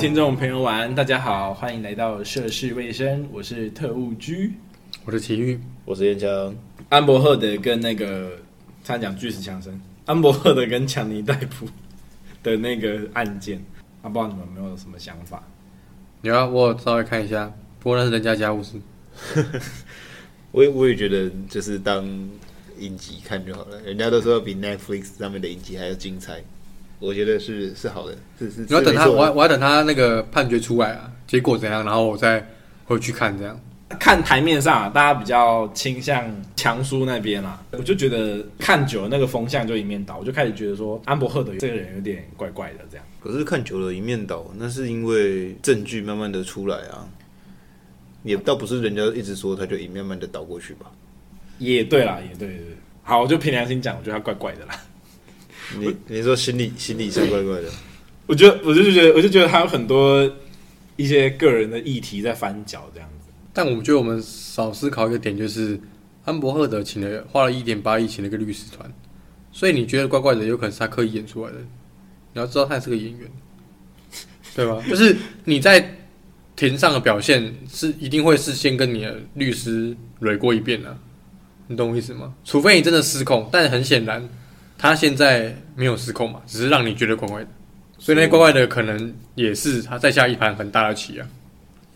聽眾朋友，晚安，大家好，歡迎來到涉世未深。我是特務居，我是奇遇，我是燕江。安博赫德跟那個他講巨石強森，安博赫德跟強尼戴普的那個案件， 啊，不知道你們有沒有什麼想法？有啊，我稍微看一下，不過那是人家家務事。 我也我也覺得就是當影集看就好了，人家都說比 Netflix 上面的影集還要精彩。我覺得是是好的，是是。我要等他，我我要等他那個判決出來啊，結果怎樣，然後我再回去看這樣。看台面上、啊，大家比較傾向強叔那邊啦、啊，我就覺得看久了那個風向就一面倒，我就開始覺得說安伯赫的這個人有點怪怪的這樣。可是看久了，一面倒，那是因為證據慢慢的出來啊，也倒不是人家一直說他就一面慢，慢的倒過去吧。也對啦，也對對，對。好，我就憑良心講，我覺得他怪怪的啦。你你說心理心理上怪怪的，我覺得我，我就覺得我就覺得他有很多一些個人的議題在翻攪這樣子。但我覺得我們少思考一個點，就是安博赫德請了花了一點八億請了一個律師團，所以你覺得怪怪的，有可能是他刻意演出來的。你要知道他是個演員， 對吧？就是你在庭上的表現是一定會事先跟你的律師捋過一遍的、啊，你懂我意思嗎？除非你真的失控，但很顯然。他現在沒有失控嘛，只是讓你覺得怪怪的，所以，所以那怪怪的可能也是他在下一盤很大的棋啊，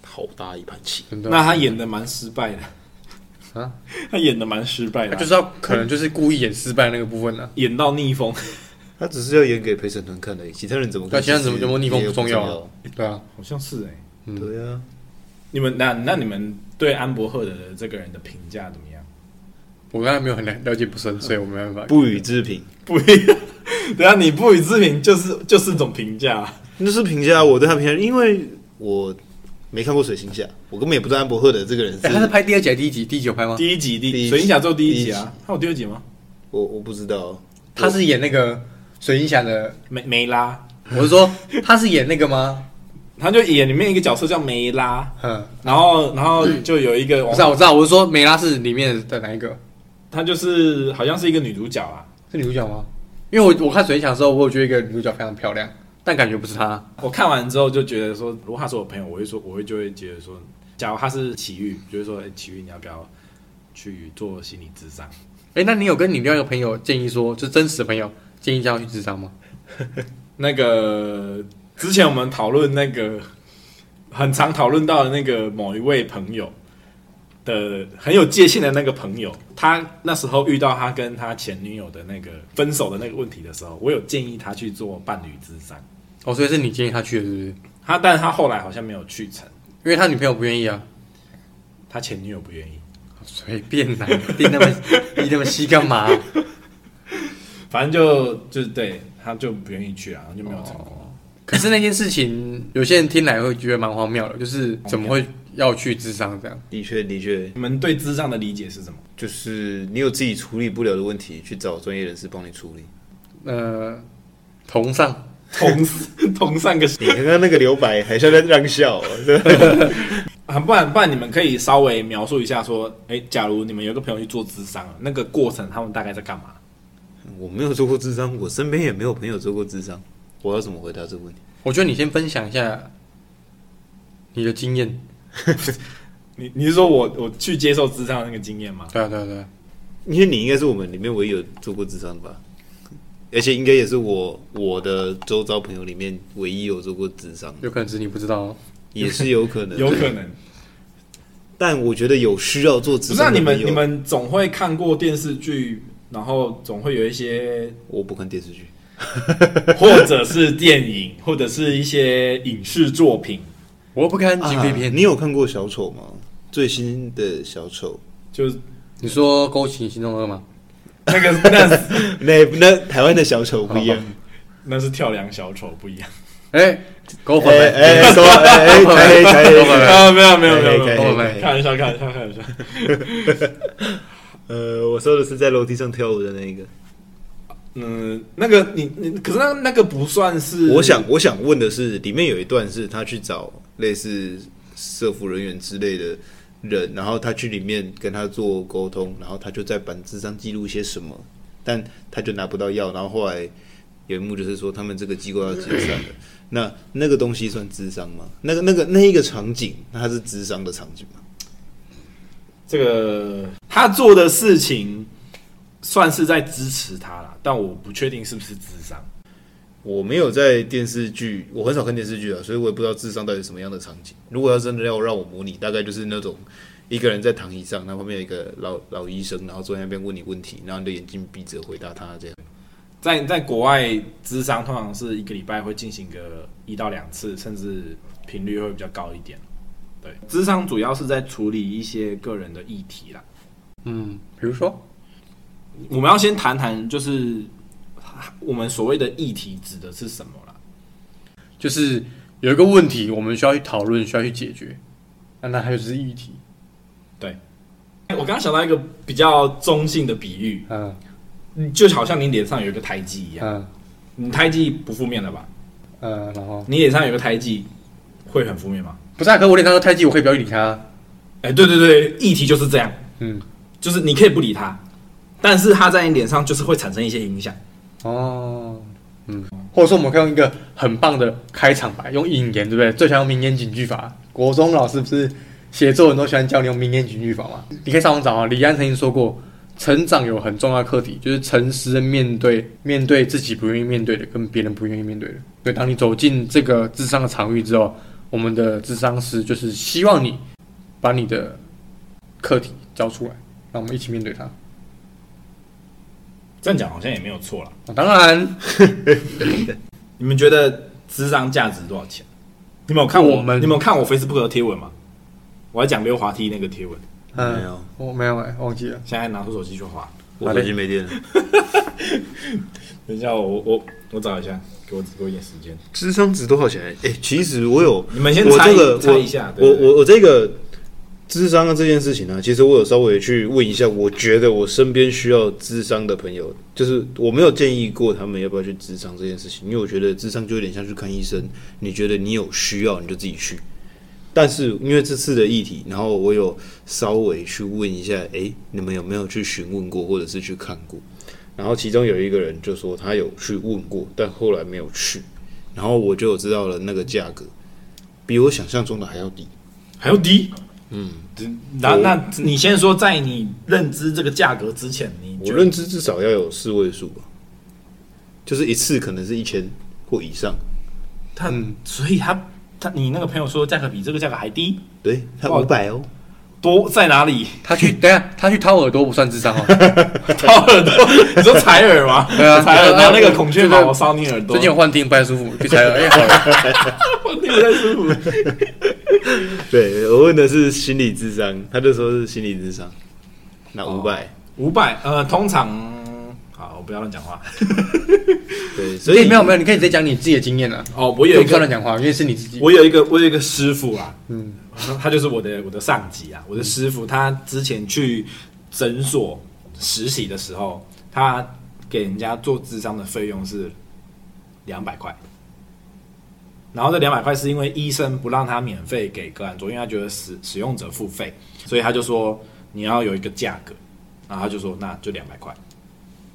好大一盤棋。啊、那他演得的蠻、嗯、失敗的啊，他演的蠻失敗的，就是要可能就是故意演失敗的那個部分的、啊嗯，演到逆風。他只是要演給陪審團看的、欸，其他人怎麼對、啊？那其他人怎麼逆風不重要、啊？重要啊欸、對啊，好像是哎、欸。嗯、對啊，你們那那你們對安柏赫德的這個人的評價怎麼樣？我剛才沒有很了解不深，所以我沒辦法不予置評。不予，對啊，你不予置評就是就是一種評價，那是評價。我對他的評價，因為我沒看過《水行俠》，我根本也不知道安博赫的這個人。他是拍第二集還是第一集？第一集有拍嗎？第一集、第一。水行俠之後第一集啊？他有第二集嗎？我我不知道。他是演那個水行俠的梅梅拉？我是說他是演那個嗎？他就演裡面一個角色叫梅拉。嗯，然後然後就有一個，我知道，我知道，我是說梅拉是裡面的哪一個？她就是好像是一個女主角啊，是女主角嗎？因為我我看水牆的時候，我有覺得一個女主角非常漂亮，但感覺不是她。我看完之後就覺得說，如果她是我朋友，我會說，我會就會覺得說，假如她是祁煜，就是說、欸，祁煜你要不要去做心理諮商？哎、欸，那你有跟你另外一個朋友建議說，就真實的朋友建議叫去諮商嗎？ 那個之前我們討論那個很常討論到的那個某一位朋友。的很有界限的那個朋友，他那時候遇到他跟他前女友的那個分手的那個問題的時候，我有建議他去做伴侶諮商。哦，所以是你建議他去的，是不是？他，但是他後來好像沒有去成，因為他女朋友不願意啊，他前女友不願意，隨便來，你那麼你 那麼細幹嘛、啊？反正就就對他就不願意去啊，就沒有成功。功、哦。可是那件事情，有些人聽來會覺得蠻荒謬的，就是怎麼會？要去諮商這樣，的確的確，你們對諮商的理解是什麼？就是你有自己處理不了的問題，去找專業人士幫你處理。呃，同上，同 同上個，你剛剛那個留白，好像在讓笑很不然 不然，不然你們可以稍微描述一下，說，哎、欸，假如你們有個朋友去做諮商，那個過程他們大概在幹嘛？我沒有做過諮商，我身邊也沒有朋友做過諮商。我要怎麼回答這個問題？我覺得你先分享一下你的經驗。 你你是說我我去接受諮商的那個經驗嗎？對啊對啊對，因為你應該是我們裡面唯一有做過諮商的吧，而且應該也是我我的周遭朋友裡面唯一有做過諮商。有可能是你不知道、哦也是有可能，有可能。 但我覺得有需要做諮商、啊，那你們有你們總會看過電視劇，然後總會有一些。我不看電視劇， 或者是電影，或者是一些影視作品。我不看警匪片。你有看過小丑嗎？最新的小丑，就是你說高起心中二嗎？那個那那那台灣的小丑不一樣，那是跳梁小丑不一樣。哎，高鵬，哎，誒，誒，哎，台灣，沒有沒有沒有沒有沒有。看一下，看一下，看一下。呃，我說的是在樓梯上跳舞的那一個。嗯，那個你你可是那那個不算是。我想我想問的是，裡面有一段是他去找類似社服人員之類的人，然後他去裡面跟他做溝通，然後他就在本子上記錄一些什麼，但他就拿不到藥。然後後來有一幕就是說他們這個機構要解散了，咳咳那那個東西算諮商嗎？那個那個那一個場景，那他是諮商的場景嗎？這個他做的事情算是在支持他了。但我不確定是不是諮商，我沒有在電視劇，我很少看電視劇啊，所以我也不知道諮商到底什麼樣的場景。如果要真的要讓我模擬，大概就是那種一個人在躺椅上，那後面有一個老老醫生，然後坐在那邊問你問題，然後你的眼睛閉着回答他這樣。在在國外，諮商通常是一個禮拜會進行個一到兩次，甚至頻率會比較高一點。對，諮商主要是在處理一些個人的議題啦。嗯，比如說。我們要先談談，就是我們所謂的議題指的是什麼了？就是有一個問題，我們需要去討論，需要去解決。那那還有就是議題，對。我剛剛想到一個比較中性的比喻，嗯、呃，就好像你臉上有一個胎記一樣，嗯、呃，你胎記不負面的吧？呃，然後你臉上有一個胎記會很負面嗎？不是啊，可是我臉上有胎記，我可以不要理他。哎，對對對，議題就是這樣，嗯，就是你可以不理他。但是它在你臉上就是會產生一些影響，哦，嗯，或者說我們可以用一個很棒的開場白，用引言，對不對？最喜歡用名言警句法，國中老師不是寫作文都喜歡教你用名言警句法嗎？你可以上網找啊。李安曾經說過，成長有很重要的課題，就是誠實的面對面對自己不願意面對的，跟別人不願意面對的。所以當你走進這個諮商的場域之後，我們的諮商師就是希望你把你的課題交出來，讓我們一起面對它。這樣講好像也沒有錯了、啊。當然， 你們覺得諮商價值多少錢？你們有看我，、哦、我們？你們有看我 Facebook 的貼文嗎？我還講溜滑梯那個貼文、啊。沒有，嗯、我沒有買、欸，忘記了。現在拿出手機去滑，我手機沒電了。 等一下我，我我我找一下，給我給我一點時間。諮商值多少錢？哎、欸，其實我有，嗯、你們先猜一、這個、猜一下，對我我我這個。諮商啊，這件事情呢、啊，其實我有稍微去問一下，我覺得我身邊需要諮商的朋友，就是我沒有建議過他們要不要去諮商這件事情，因為我覺得諮商就有點像去看醫生，你覺得你有需要你就自己去。但是因為這次的議題，然後我有稍微去問一下，哎、欸，你們有沒有去詢問過或者是去看過？然後其中有一個人就說他有去問過，但後來沒有去。然後我就知道了那個價格比我想象中的還要低，還要低。嗯，那我那你先說，在你認知這個價格之前你，你我認知至少要有四位數吧，就是一次可能是一千或以上。他、嗯、所以他他你那個朋友說價格比這個價格還低。對他五百哦，多在哪裡？他去等下他去掏耳朵不算諮商哦， 掏耳朵，你說採耳嗎？對啊，採耳朵，然後那個孔雀毛在我燒你耳朵，最近有幻聽、哎、 聽不太舒服，去採耳哎，幻聽不太舒服。對我問的是心理諮商。他就說是心理諮商。那五百、哦，五百，呃，通常好，我不要亂講話。 對，所以，所以沒有沒有，你可以直接講你自己的經驗了。哦，我有一個不要亂講話，因為是你自己。我有一個，我有一個師傅啊，嗯，他就是我的我的上級啊，我的師傅。他之前去診所實習的時候，他給人家做諮商的費用是兩百塊。然後這兩百塊是因為醫生不讓他免費給個案做，因為他覺得使使用者付費，所以他就說你要有一個價格，然後他就說那就兩百塊。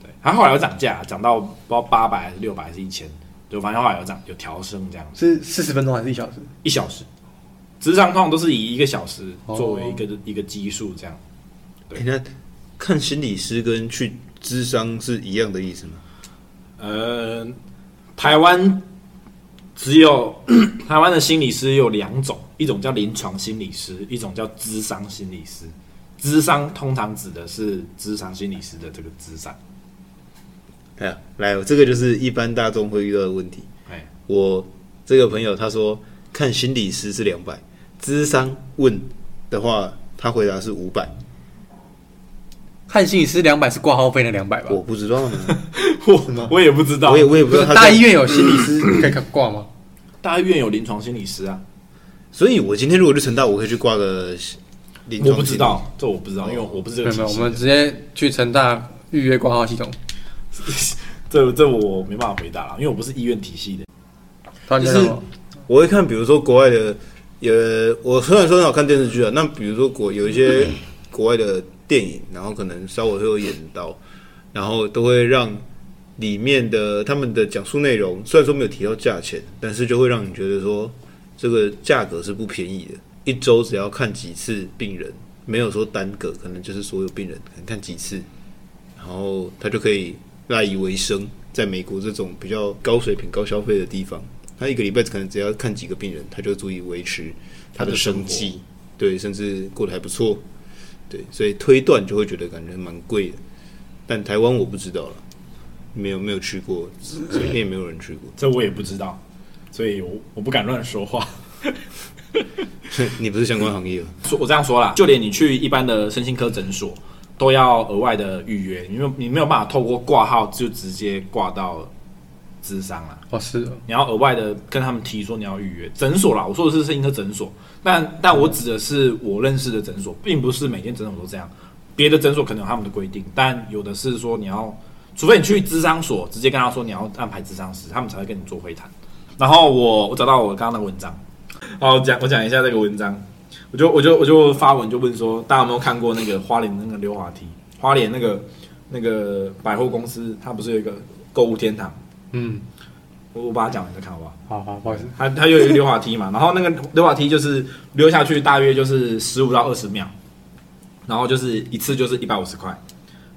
對，他後來又漲價，漲到不知道八百還是六百還是一千。就反正後來又漲有調升這樣。是四十分鐘還是一小時？一小時。諮商通都是以一個小時作為一個、oh. 一個基數這樣。對，那看心理師跟去諮商是一樣的意思嗎？呃，台灣。只有 台灣的心理師有兩種，一種叫臨床心理師，一種叫諮商心理師。諮商通常指的是諮商心理師的這個諮商。哎、啊，來、啊，這個就是一般大眾會遇到的問題。哎，我這個朋友他說看心理師是兩百，諮商問的話，他回答是五百。看心理師兩百是掛號費的兩百吧？我不知道呢， 我嗎我也不知道，我也我也不知道他。大醫院有心理師可以掛嗎？大醫院有臨床心理師啊，所以我今天如果去成大，我可以去掛個臨床。我不知道，這我不知道，嗯、因為我不是這個。沒沒，我們直接去成大預約掛號系統。 這這我沒辦法回答了，因為我不是醫院體系的。就是我會看，比如說國外的，也、呃、我雖然說很少看電視劇啊，那比如說國有一些國外的電影，然後可能稍微會有演到，然後都會讓。裡面的他們的講述內容，雖然說沒有提到價錢，但是就會讓你覺得說這個價格是不便宜的。一周只要看幾次病人，沒有說單個，可能就是所有病人可能看幾次，然後他就可以賴以為生。在美國這種比較高水平、高消費的地方，他一個禮拜可能只要看幾個病人，他就足以維持他的生計。生對，甚至過得還不錯。對，所以推斷就會覺得感覺蠻貴的。但台灣我不知道了。沒有沒有去過，所以也沒有人去過。 這我也不知道，所以我，我不敢亂說話。 你不是相關行業，我 我這樣說啦，就連你去一般的身心科診所都要額外的預約，因為你沒有辦法透過掛號就直接掛到諮商了。哦，是、啊。你要額外的跟他們提說你要預約診所啦。我說的是身心科診所，但但我指的是我認識的診所，並不是每間診所都這樣。別的診所可能有他們的規定，但有的是說你要。除非你去諮商所，直接跟他說你要安排諮商師，他們才會跟你做會談。然後我我找到我剛剛的文章，好講我講一下這個文章，我就我就我就發文就問說，大家有沒有看過那個花蓮那個溜滑梯？花蓮那個那個百貨公司，它不是有一個購物天堂？嗯，我我把它講完再看好不好？好好，不好意思，它它有一個溜滑梯嘛， 然後那個溜滑梯就是溜下去大約就是十五到二十秒，然後就是一次就是一百五十塊。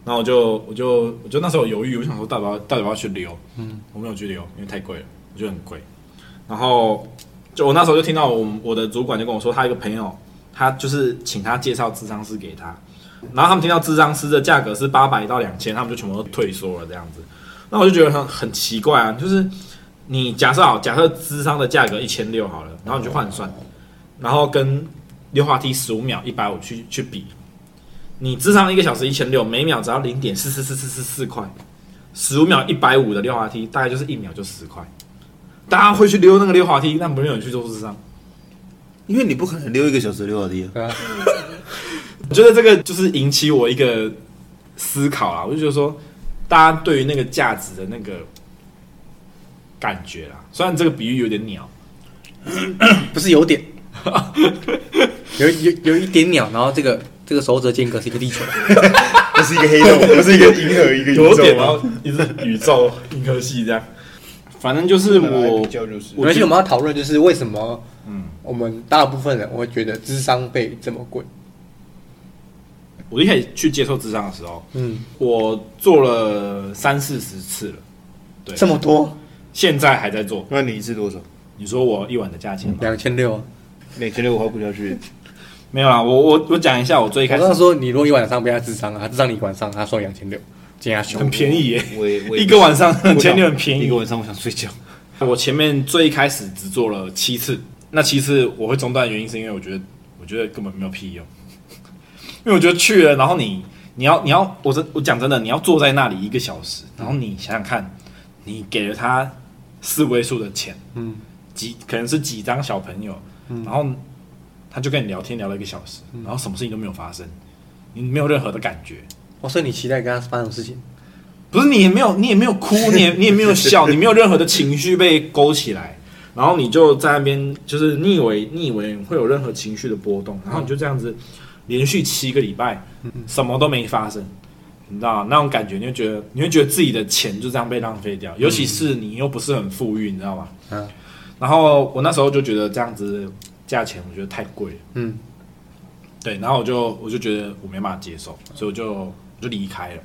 那我就我就我就那時候猶豫，我想說到底要到底要不要去留？嗯，我沒有去留，因為太貴了，我覺得很貴。然後就我那時候就聽到我我的主管就跟我說，他一個朋友，他就是請他介紹智商師給他，然後他們聽到諮商師的價格是八百到兩千，他們就全部都退縮了這樣子。那我就覺得很很奇怪啊，就是你假設好，假設諮商的價格一千六好了，然後你去換算，哦、然後跟溜滑梯十五秒一百五去去比。你諮商一個小時一千六，每秒只要零點四四四四四四塊，十五秒一百五的溜滑梯，大概就是一秒就十塊。大家會去溜那個溜滑梯，但沒有人去做諮商，因為你不可能溜一個小時的溜滑梯啊。啊 我覺得這個就是引起我一個思考啊，我就覺得說，大家對於那個價值的那個感覺啊，雖然這個比喻有點鳥，不是有點 有，有有有一點鳥，然後這個。這個手指間隔是一個地球，不 是一個黑洞，不 是一個銀河，一個宇宙然後一個宇宙，銀河系這樣。反正就是我，而且、就是、我,我們要討論就是為什麼、嗯，我們大部分人我會覺得諮商費這麼貴。我一開始去接受諮商的時候，嗯，我做了三四十次了，這麼多，現在還在做。那你一次多少？你說我一晚的價錢兩千六，兩千六我花不了去。 沒有啊，我我我講一下，我最開始，我剛說，你如果一晚上被他諮商啊，他諮商你一晚上，他說兩千六，這樣很便宜耶、欸，我也我也一個晚上兩千六很便宜，一個晚上我想睡覺。我前面最開始只做了七次，那七次我會中斷的原因是因為我覺得我覺得根本沒有屁用，因為我覺得去了，然後你你要你要我真我講真的，你要坐在那裡一個小時，嗯、然後你想想看，你給了他四位數的錢，嗯，幾可能是幾張小朋友，嗯，然後。他就跟你聊天聊了一個小時，然後什麼事情都沒有發生，你沒有任何的感覺。我說、哦、你期待跟他發生事情，不是。你也沒有，你也沒有哭，你也你也沒有笑， 你沒有任何的情緒被勾起來，然後你就在那邊就是你以為你以為會有任何情緒的波動，然後你就這樣子連續七個禮拜、嗯、什麼都沒發生，你知道那種感覺，你會覺得你會覺得自己的錢就這樣被浪費掉，尤其是你又不是很富裕，你知道嗎？嗯。然後我那時候就覺得這樣子。價錢我覺得太貴，嗯，對，然後我就我就覺得我沒辦法接受，所以我就我就離開了。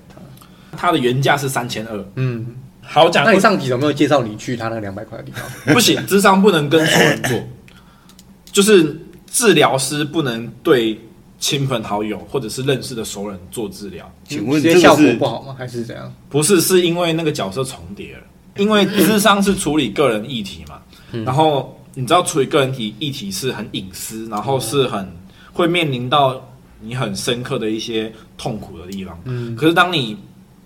它、嗯、的原價是三千二，嗯，好講。那你上集有沒有介紹你去他那個兩百塊的地方？不行，諮 商不能跟熟人做，就是治療師不能對親朋好友或者是認識的熟人做治療。請問你這些效果不好嗎？還是怎樣？不是，是因為那個角色重疊了，因為諮商是處理個人議題嘛，嗯、然後。你知道，處理個人體議題是很隱私，然後是很會面臨到你很深刻的一些痛苦的地方。嗯，可是當你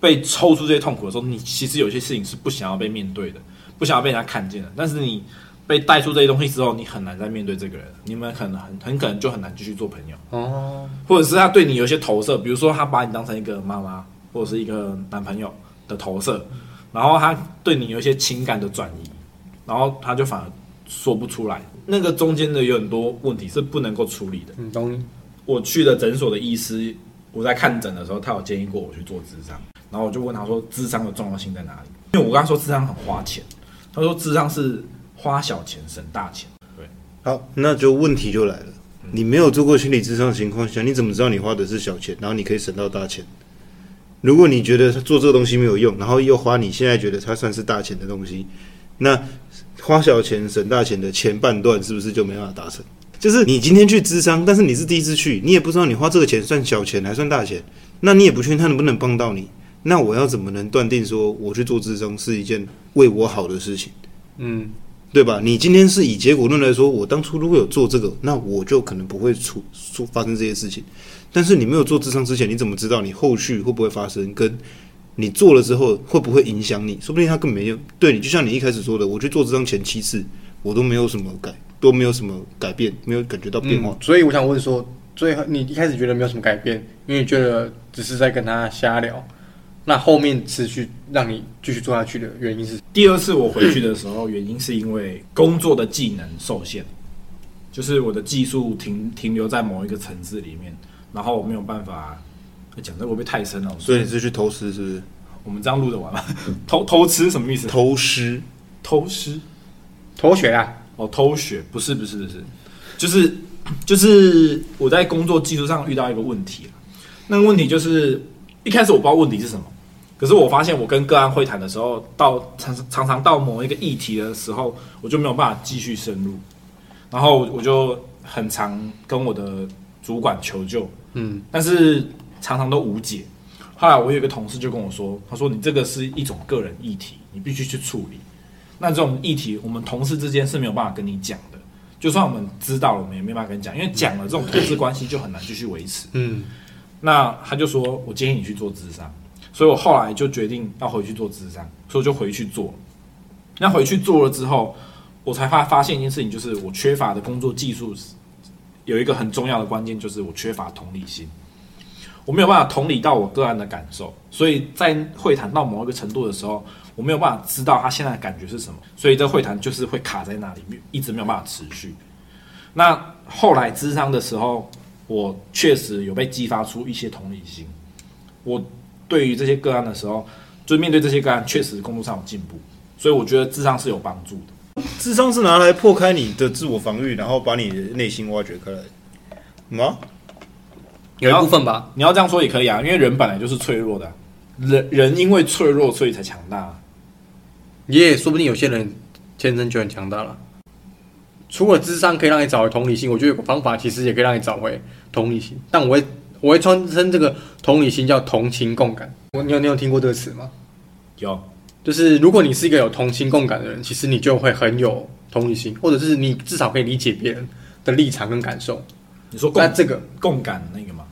被抽出這些痛苦的時候，你其實有些事情是不想要被面對的，不想要被人家看見的。但是你被帶出這些東西之後，你很難再面對這個人，你們可能很很，很可能就很難繼續做朋友。哦、嗯，或者是他對你有些投射，比如說他把你當成一個媽媽或者是一個男朋友的投射，然後他對你有一些情感的轉移，然後他就反而。說不出來，那個中間的有很多問題是不能夠處理的。嗯，醫我去的診所的醫師，我在看診的時候，他有建議過我去做諮商，然後我就問他說：“諮商的重要性在哪裡？”因為我剛才說諮商很花錢，他說諮商是花小錢省大錢。對，好，那就問題就來了，你沒有做過心理諮商的情況下，你怎麼知道你花的是小錢，然後你可以省到大錢？如果你覺得他做這個東西沒有用，然後又花你現在覺得他算是大錢的東西，那。花小錢省大錢的前半段是不是就沒辦法達成？就是你今天去諮商，但是你是第一次去，你也不知道你花這個錢算小錢還是算大錢，那你也不確定他能不能幫到你。那我要怎麼能斷定說我去做諮商是一件為我好的事情？嗯，對吧？你今天是以結果論來說，我當初如果有做這個，那我就可能不會出出發生這些事情。但是你沒有做諮商之前，你怎麼知道你後續會不會發生跟？你做了之後會不會影響你？說不定他根本沒有對你，就像你一開始說的，我去做諮商前七次，我都沒有什麼改，都沒有什麼改變，沒有感覺到變化。嗯、所以我想問說，最後你一開始覺得沒有什麼改變，因為覺得只是在跟他瞎聊，那後面持續讓你繼續做下去的原因是第二次我回去的時候，原因是因為工作的技能受限，就是我的技術停停留在某一個層次裡面，然後我沒有辦法。講這個會不會太深了？所以你是去偷師是不是？我們這樣錄着玩嘛？偷偷吃，什麼意思？偷師，偷師，偷學啊！哦，偷學不是不是不是，就是就是我在工作技術上遇到一個問題啊，那個問題就是一開始我不知道問題是什麼，可是我發現我跟個案會談的時候，到常常常到某一個議題的時候，我就沒有辦法繼續深入，然後我就很常跟我的主管求救。嗯，但是。常常都無解。後來我有一個同事就跟我說：“他說你這個是一種個人議題，你必須去處理。那這種議題，我們同事之間是沒有辦法跟你講的。就算我們知道了，我們也沒辦法跟你講，因為講了這種同事關係就很難繼續維持。”嗯。那他就說：“我建議你去做諮商。”所以，我後來就決定要回去做諮商，所以我就回去做。那回去做了之後，我才發發現一件事情，就是我缺乏的工作技術有一個很重要的關鍵，就是我缺乏同理心。我沒有辦法同理到我個案的感受，所以在會談到某一個程度的時候，我沒有辦法知道他現在的感覺是什麼，所以這會談就是會卡在那裡一直沒有辦法持續。那後來諮商的時候，我確實有被激發出一些同理心。我對於這些個案的時候，就面對這些個案，確實工作上有進步，所以我覺得諮商是有幫助的。諮商是拿來破開你的自我防禦，然後把你的內心挖掘開來嗎？嗯啊有一部分吧，你要這樣說也可以啊，因為人本來就是脆弱的、啊，人人因為脆弱所以才強大、啊。也、yeah, 說不定有些人天生就很強大了。除了諮商可以讓你找回同理心，我覺得有個方法其實也可以讓你找回同理心。但我會我會穿稱這個同理心叫同情共感。我你有你有聽過這個詞嗎？有，就是如果你是一個有同情共感的人，其實你就會很有同理心，或者是你至少可以理解別人的立場跟感受。你說那這個共感那個嗎？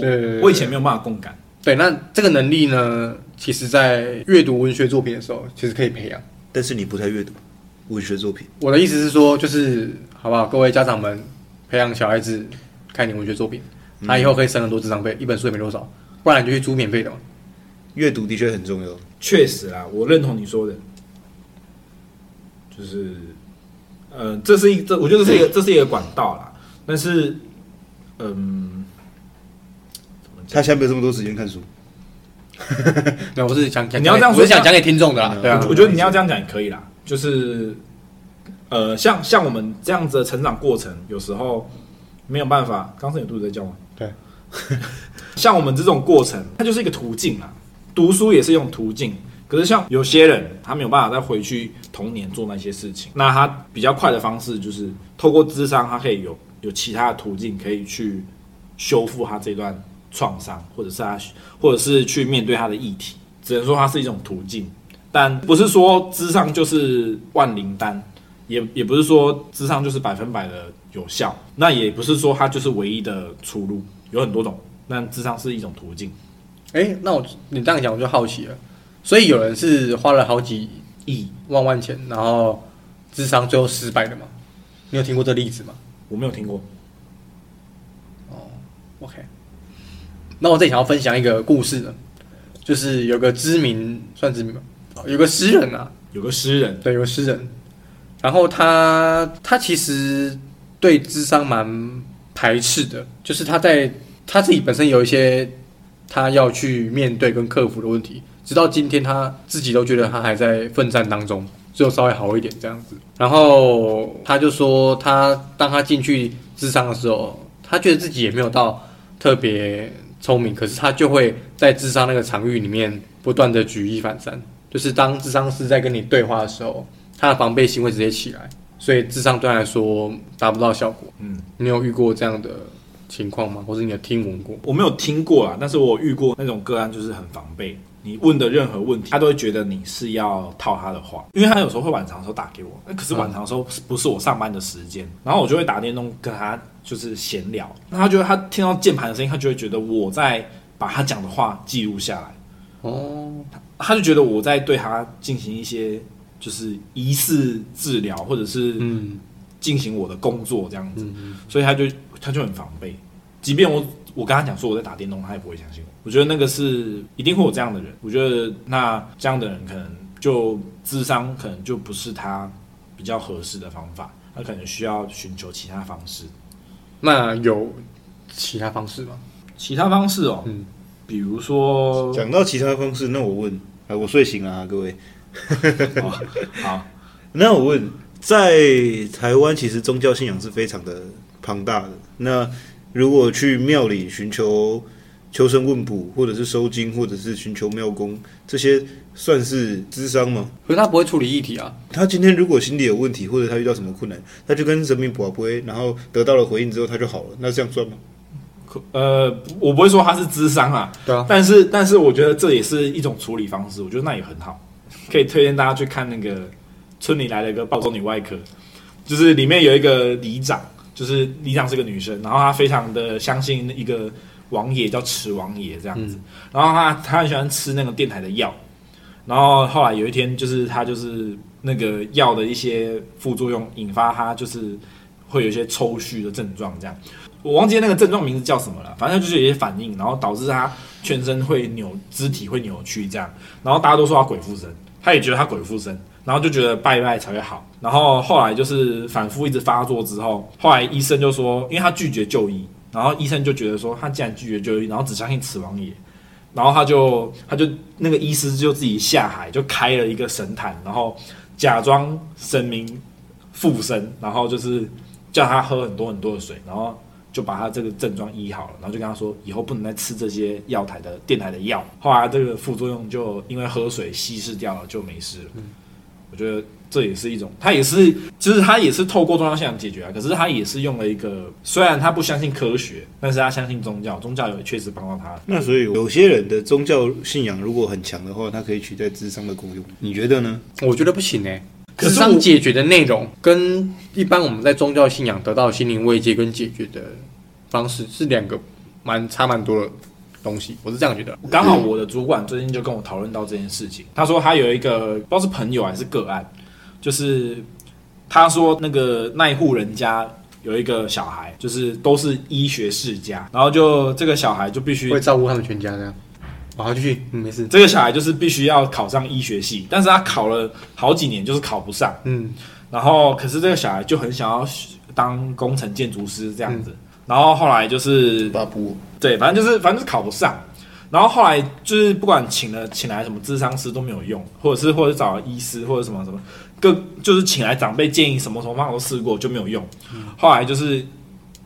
對，我以前沒有辦法共感。對，那這個能力呢，其實，在閱讀文學作品的時候，其實可以培養。但是你不太閱讀文學作品，我的意思是說，就是好不好？各位家長們，培養小孩子看你文學作品，他、嗯、以後可以省很多諮商費，一本書也沒多少，不然你就去租免費的嘛。閱讀的確很重要，確實啦，我認同你說的，就是，呃，這是一個，這我覺得是一個，嗯、這是一個管道啦。但是，嗯、呃。他現在沒有這麼多時間看書。 那我是想，想你要這樣說，我想講講給聽眾的啊、嗯、對啊，好我覺得你要這樣講也可以啦。就是，呃，像像我們這樣子的成長過程，有時候沒有辦法。剛剛有肚子在叫嗎？對。 像我們這種過程，它就是一個途徑啊。讀書也是一種途徑。可是像有些人，他沒有辦法再回去童年做那些事情，那他比較快的方式就是透過諮商，他可以有有其他的途徑可以去修復他這段，創傷，或者是他，或者是去面對他的議題，只能說它是一種途徑，但不是說諮商，就是萬靈丹，也也不是說諮商就是百分百的有效，那也不是說它就是唯一的出路，有很多種，但諮商是一種途徑。哎，那我你這樣講，我就好奇了，所以有人是花了好幾億萬萬錢，然後諮商最後失敗的嗎？你有聽過這例子嗎？我沒有聽過。哦、oh，OK。那我最想要分享一個故事呢，就是有個知名，算知名吧，有個詩人啊，有個詩人，對，有個詩人。然後他，他其實對諮商蠻排斥的，就是他在他自己本身有一些他要去面對跟克服的問題，直到今天他自己都覺得他還在奮戰當中，只有稍微好一點這樣子。然後他就說，他當他進去諮商的時候，他覺得自己也沒有到特別。聰明，可是他就會在諮商那個場域裡面不斷的舉一反三。就是當諮商師在跟你對話的時候，他的防備心會直接起來，所以諮商對他來說達不到效果。嗯，你有遇過這樣的情況嗎？或者你有聽聞過？我沒有聽過啊，但是我遇過那種個案，就是很防備你問的任何問題，他都會覺得你是要套他的話，因為他有時候會晚上的時候打給我，那可是晚上的時候不是我上班的時間，然後我就會打電動跟他。就是閒聊，那他覺得他聽到鍵盤的聲音，他就會覺得我在把他講的話記錄下來，哦，他他就覺得我在對他進行一些就是疑似治療，或者是嗯，進行我的工作這樣子，嗯，所以他就他就很防備，即便我我跟他講說我在打電動，他也不會相信我。我覺得那個是一定會有這樣的人，我覺得那這樣的人可能就諮商，可能就不是他比較合適的方法，他可能需要尋求其他方式。那有其他方式嗎？其他方式哦，嗯，比如說，講到其他方式，那我問，哎，我睡醒啦，各位， 哦、好，那我問，在台灣其實宗教信仰是非常的龐大的，那如果去廟裡尋求。求神問卜，或者是收驚，或者是尋求廟公。這些算是諮商嗎？可是他不會處理議題啊。他今天如果心理有問題，或者他遇到什麼困難，他就跟神明卜卜，然後得到了回應之後，他就好了。那是這樣算嗎？呃，我不會說他是諮商啊。對啊。但是，但是我覺得這也是一種處理方式。我覺得那也很好，可以推薦大家去看那個《村裡來了一個暴走女外科》，就是裡面有一個里長，就是里長是個女生，然後她非常的相信一個。王爺叫池王爺這樣子，嗯，然後他他很喜歡吃那個電台的藥，然後後來有一天，就是他就是那個藥的一些副作用引發他就是會有一些抽搐的症狀這樣，我忘記那個症狀名字叫什麼了，反正就是有些反應，然後導致他全身會扭，肢體會扭曲這樣，然後大家都說他鬼附身，他也覺得他鬼附身，然後就覺得拜拜才會好，然後後來就是反覆一直發作之後，後來醫生就說，因為他拒絕就醫。然後醫生就覺得說，他既然拒絕就醫，然後只相信慈王爺。然後他就他就那個醫師就自己下海，就開了一個神壇，然後假裝神明附身，然後就是叫他喝很多很多的水，然後就把他這個症狀醫好了，然後就跟他說，以後不能再吃這些藥台的電台的藥。後來這個副作用就因為喝水稀釋掉了，就沒事了。嗯，我覺得。這也是一種，他也是，就是他也是透過宗教信仰解決啊。可是他也是用了一個，雖然他不相信科學，但是他相信宗教，宗教也確實幫到他。那所以有些人的宗教信仰如果很強的話，它可以取代諮商的功用，你覺得呢？我覺得不行哎、欸，可是，諮商解決的內容跟一般我們在宗教信仰得到心靈慰藉跟解決的方式是兩個蠻差蠻多的東西，我是這樣覺得。嗯、剛好我的主管最近就跟我討論到這件事情，他說他有一個不知道是朋友還是個案。就是他說那個那一戶人家有一個小孩，就是都是醫學世家，然後就這個小孩就必須會照顧他們全家這樣。好好繼續，嗯，沒事。這個小孩就是必須要考上醫學系，但是他考了好幾年就是考不上，嗯。然後可是這個小孩就很想要當工程建築師這樣子，然後後來就是對，反正就是反正就是考不上，然後後來就是不管請了請來什麼諮商師都沒有用，或者是或者是找了醫師或者什麼什麼。個就是請來長輩建議，什麼什麼方法都試過就沒有用。後來就是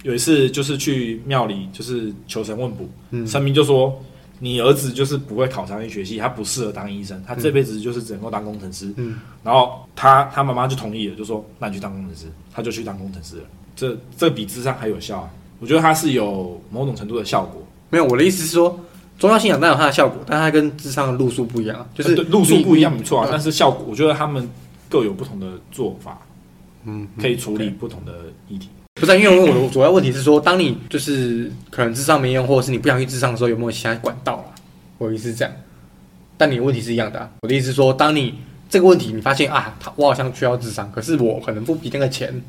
有一次就是去廟裡就是求神問卜，神明、嗯、就說你兒子就是不會考上醫學系，他不適合當醫生，他這輩子就是只能夠當工程師。嗯、然後他他媽媽就同意了，就說那你去當工程師，他就去當工程師了。這這比智商還有效啊！我覺得他是有某種程度的效果。沒有，我的意思是說，宗教信仰當然有它的效果，但它跟智商的路數不一樣，就是路數、啊、不一樣，沒錯。但是效果，我覺得他們。各有不同的做法，嗯，嗯，可以處理不同的議題。Okay. 不是，因為我的主要問題是說，當你就是可能諮商沒用，或者是你不想去諮商的時候，有沒有其他管道啊？我的意思是這樣。但你的問題是一樣的、啊。我的意思是說，當你這個問題你發現啊，他我好像需要諮商，可是我可能不比那個錢，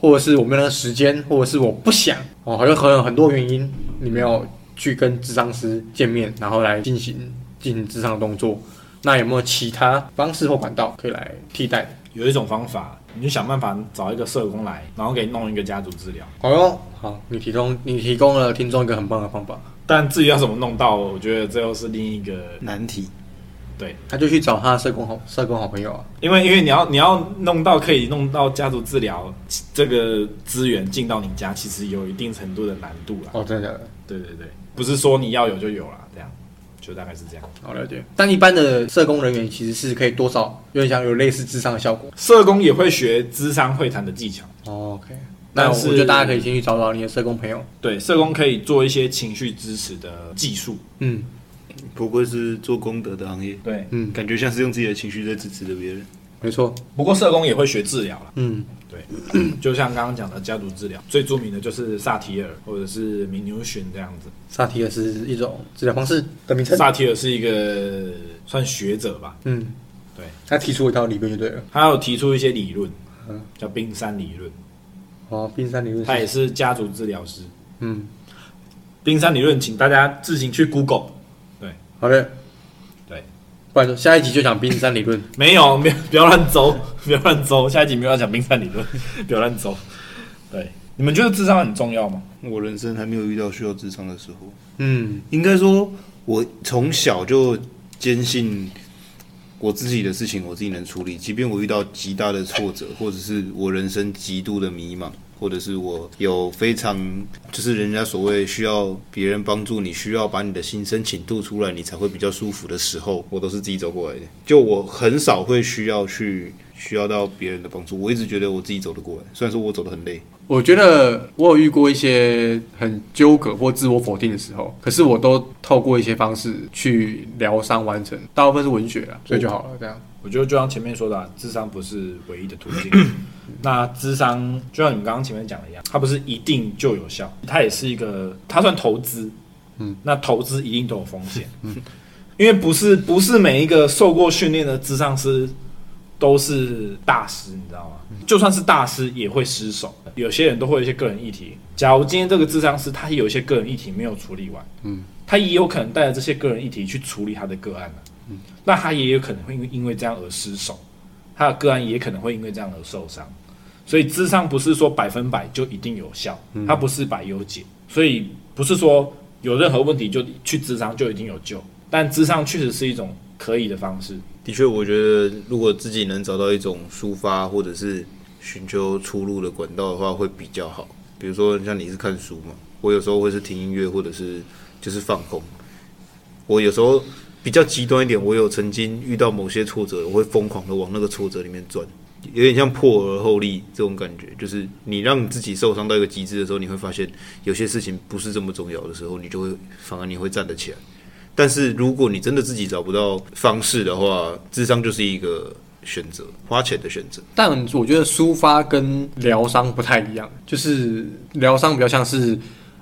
或者是我沒有那個時間，或者是我不想，哦，好像可能很多原因，你沒有去跟諮商師見面，然後來進行進行諮商的動作。那有沒有其他方式或管道可以來替代？有一種方法，你就想辦法找一個社工來，然後給弄一個家族治療。好喲、哦，好，你提供你提供了聽眾一個很棒的方法。但至於要怎麼弄到，我覺得這又是另一個難題。對，他、啊、就去找他的社工好社工好朋友啊。因為因為你要你要弄到可以弄到家族治療這個資源進到你家，其實有一定程度的難度了。哦，真的，對對對，不是說你要有就有啦，這樣。就大概是這樣，好了解。但一般的社工人員其實是可以多少有點像有類似諮商的效果，社工也會學諮商會談的技巧。Oh, OK，那但是我覺得大家可以先去找找你的社工朋友。對，社工可以做一些情緒支持的技術。嗯，不過是做功德的行業。對，嗯，感覺像是用自己的情緒在支持着別人。沒錯，不過社工也會學治療了。嗯，對，就像剛剛講的家族治療，最著名的就是薩提爾或者是米紐慶這樣子。薩提爾是一種治療方式的名稱。薩提爾是一個算學者吧？嗯，對，他提出一套理論就對了。他有提出一些理論，嗯，叫冰山理論。哦、啊，冰山理論。他也是家族治療師。嗯，冰山理論，請大家自行去 Google。對，好嘞。下一集就講冰山理論，沒有，沒有不要亂走，不要亂走。下一集沒有要講冰山理論，不要亂走。對，你們覺得諮商很重要嗎？我人生還沒有遇到需要諮商的時候。嗯，應該說，我從小就堅信，我自己的事情我自己能處理，即便我遇到極大的挫折，或者是我人生極度的迷茫，或者是我有非常就是人家所謂需要別人幫助你，你需要把你的心聲傾吐出來，你才會比較舒服的時候，我都是自己走過來的。就我很少會需要去需要到別人的幫助，我一直覺得我自己走得過來，雖然說我走得很累。我覺得我有遇過一些很糾葛或自我否定的時候，可是我都透過一些方式去療傷完成，大部分是文學啊，所以就好了。這樣，我覺得就像前面說的，啊，諮商不是唯一的途徑。 那諮商就像你們剛剛前面講的一樣，它不是一定就有效，它也是一個，它算投資。嗯，那投資一定都有風險，嗯，因為不是不是每一個受過訓練的諮商師。都是大師，你知道嗎？就算是大師也會失手，有些人都會有一些個人議題。假如今天這個諮商師，他有一些個人議題沒有處理完，嗯，他也有可能帶着這些個人議題去處理他的個案了、啊，嗯、那他也有可能會因為這樣而失手，他的個案也可能會因為這樣而受傷。所以諮商不是說百分百就一定有效，它，嗯、不是百憂解，所以不是說有任何問題就去諮商就一定有救。但諮商確實是一種。可以的方式，的確，我覺得如果自己能找到一種抒發或者是尋求出路的管道的話，會比較好。比如說，像你是看書嘛，我有時候會是聽音樂，或者是就是放空。我有時候比較極端一點，我有曾經遇到某些挫折，我會瘋狂的往那個挫折裡面鑽，有點像破而後立這種感覺。就是你讓你自己受傷到一個極致的時候，你會發現有些事情不是這麼重要的時候，你就會反而你會站得起來。但是如果你真的自己找不到方式的話，諮商就是一個選擇，花錢的選擇。但我覺得抒發跟療傷不太一樣，就是療傷比較像是，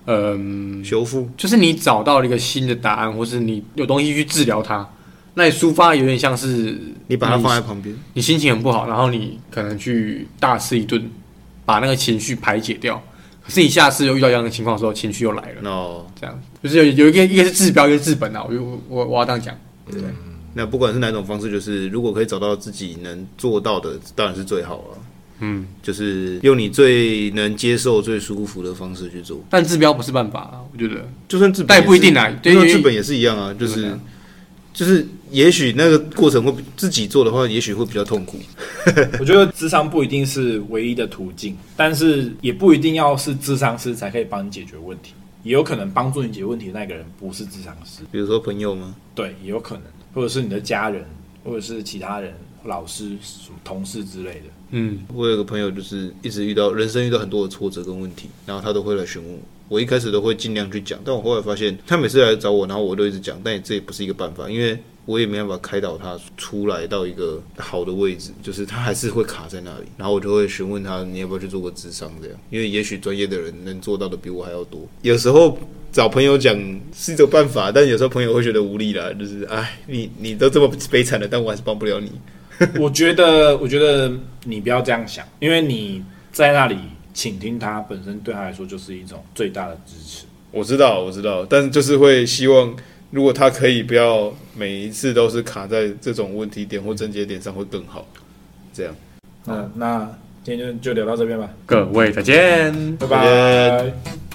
嗯、呃，修復，就是你找到了一個新的答案，或是你有東西去治療它。那你抒發有點像是你把它放在旁邊，你心情很不好，然後你可能去大吃一頓，把那個情緒排解掉。是，你下次又遇到一樣的情況的時候，情緒又來了哦。那這樣就是有有一個一個是治標，一個是治本啊。我我我,我要這樣講，對不對、嗯？那不管是哪種方式，就是如果可以找到自己能做到的，當然是最好了、啊。嗯，就是用你最能接受、最舒服的方式去做。但治標不是辦法啊，我覺得。就算治本，但也不一定啊。就算治本也是一樣啊，就是對就是。對就是也許那個過程會自己做的話，也許會比較痛苦。我覺得諮商不一定是唯一的途徑，但是也不一定要是諮商師才可以幫你解決問題。也有可能幫助你解決問題的那個人不是諮商師，比如說朋友嗎？對，也有可能，或者是你的家人，或者是其他人、老師、同事之類的。嗯，我有個朋友就是一直遇到人生遇到很多的挫折跟問題，然後他都會來詢問我。我一開始都會儘量去講，但我後來發現，他每次來找我，然後我都一直講，但這也不是一個辦法，因為我也沒辦法開導他出來到一個好的位置，就是他還是會卡在那裡。然後我就會詢問他，你要不要去做個諮商？這樣，因為也許專業的人能做到的比我還要多。有時候找朋友講是一種辦法，但有時候朋友會覺得無力了，就是唉，你你都這麼悲慘了，但我還是幫不了你。 我覺得，我覺得你不要這樣想，因為你在那裡。傾聽他本身對他來說就是一種最大的支持。我知道，我知道，但是就是會希望，如果他可以不要每一次都是卡在這種問題點或症結點上，會更好。這樣，嗯、呃，那今天就就聊到這邊吧，各位再見，拜拜。